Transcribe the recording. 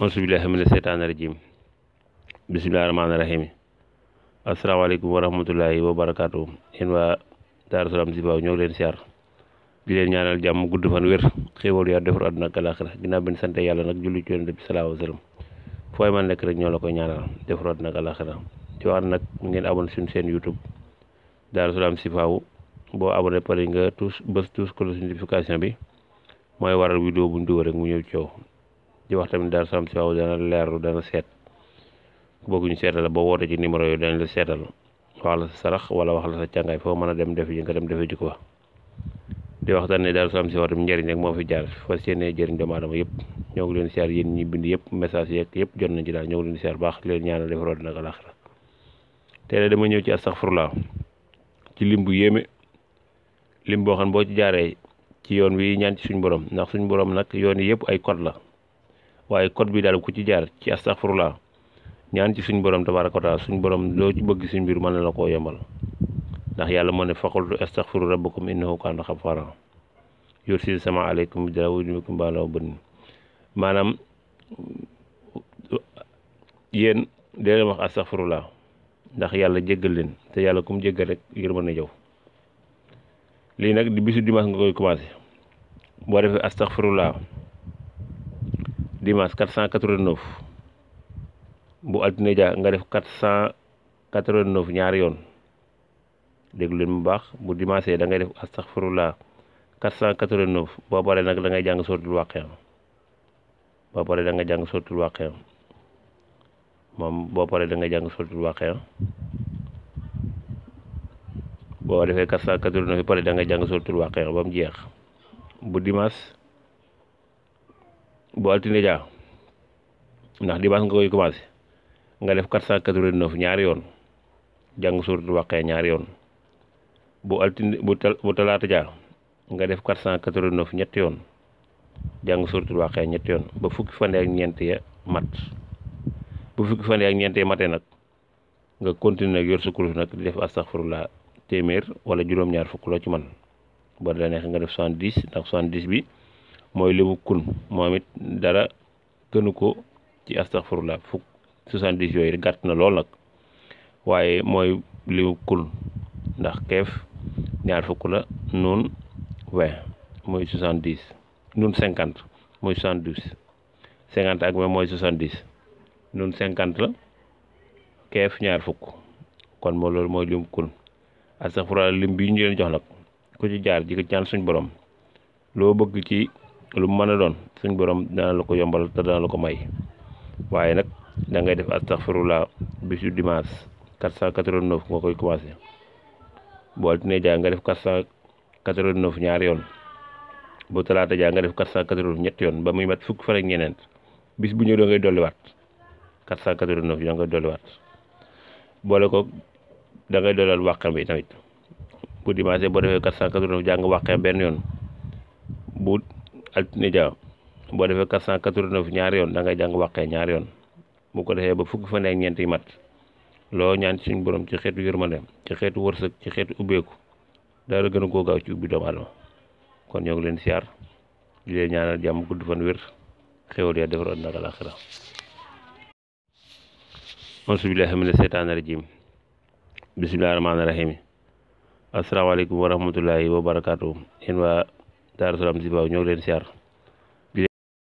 auzu billaahi mina seytaani rajiim bismillaahi rahmaani rahiim asalaamaaleykum wa rahmatulaahi wa barakaatu yéen waa Daaru Salaam si baaw ñoo leen siyaar di leen ñaanal jàmm gudd fan wér xéewal yaa defar àdduna ak alaaxira bi ñu sant yàlla nag julli ci yonent bi salallaahu alayhi man nekk rek ñoo la koy ñaanal defar àdduna ak alaaxira ci wax nag ngeen abonné suñu seen YouTube Daaru Salaam si baaw boo abonné pare nga tous bés tous cloche bi mooy waral vidéo bu ñu mu ñëw coow di wax tamit Daaru Salaam si waaw dana leerlu dana seet bokkuñu seetal boo woote ci numéro yooyu dañ la seetal wax la sa sarax wala wax la sa càngaay foo mën a dem def yi nga dem defe ji ko di wax daal ne Daaru Salaam si waaw njëriñ rek moo fi jaar fas yéene jëriñ doomu aadama yëpp ñoo ngi leen di seet yéen ñi yëpp message yeeg yëpp jot nañ ci daal ñoo ngi leen di seet baax leen ñaanal def rood nag dama ñëw ci astaghfirullah ci lim bu yéeme boo xam boo jaaree ci yoon wi ñaan ci suñu borom ndax suñu borom nag yoon yëpp ay code la waaye code bi daal ku ci jaar ci astaghfirullah ñaan ci suñ borom tabaaraka wa taala suñ borom loo ci bëgg suñ biir mën na la koo yemal ndax yàlla moo ne faqultu astaghfiru rabbakum innahu kaana xafaara yursil sama aleykum bi dara wudikum baalaw bënn maanaam yéen dee leen wax astaghfirullah ndax yàlla jéggal leen te yàlla ku mu jéggal rek yërmande jaw lii nag di bisu dimanche nga koy commencé boo defee astaghfirullah dimanche 489 bu altine ja nga def 489 ñaari yoon déglu leen bu baax bu dimanche da ngay def astaghfirullah 489 boo paree nag da ngay jàng sootul wàqee boo paree da nga jàng sootul wàqee moom boo paree da nga jàng sootul wàqee boo defee 489 pare da nga jàng sootul wàqee ba mu jeex bu dimas bu altine jaa ndax dimanche nga koy commencé nga def 489 ñaari yoon jàng suuratul Waaqia ñaari yoon bu altine bu bu talaata jaa nga def 489 ñetti yoon jàng suuratul Waaqia ñetti yoon ba fukki fan ak ñeent ya mat bu fukki fan ak ñeent ya matee nag nga continuer ak yor sa kurus nag di def astaghfirullah téeméer wala juróom-ñaar fukk loo ci man ba da neex nga def 70 ndax 70 bi. mooy limu kun moom it dara gënu ko ci astaxfirullah fukk soixante-dix yooyu gàtt na lool nag waaye mooy limu kun ndax keef ñaar fukk la nun vingt mooy soixante-dix nun cinquante mooy soixante-douze cinquante ak vingt mooy soixante-dix nun cinquante la keef ñaar fukk kon moo loolu mooy limu kun astaxfirullah lim bi ñu leen jox nag ku ci jaar ji ko ñaan suñ borom loo bëgg ci lu mu mën a doon suñ boroom dana la ko yombal te dana la ko may waaye nag da ngay def astaghfirullah bisu dimanche 489 nga koy commencé boo altine jaa nga def 489 ñaari yoon bu talaata jaa nga def 489 ñetti yoon ba muy mat fukk fan ak ñeneen bis bu ñëw doo ngay dolliwaat 489 doo ngay dolliwaat boole ko da ngay dollal wàqam bi tamit bu dimanche boo defee 489 jàng wàqee benn yoon altine ja boo defee 489 ñaari yoon da ngay jàng waqee ñaar yoon bu ko defee ba fukki fan ak ñeent yi mat loo ñaan ci suñu borom ci xeetu yërmande ci xeetu wërsëg ci xeetu ubbeeku dara gën a koo gaaw ci ubbi doomu aadama kon ñoo leen siyaar di leen ñaanal jàmm gudd fan wér xéwal yaa a àddina ak alaaxira auzu billaahi mina seytaani rajiim bismillaahi rahmaani rahiim asalaamaaleykum wa barakaatu yéen Daaru Salaam Ziba ñoo ngi leen siyaar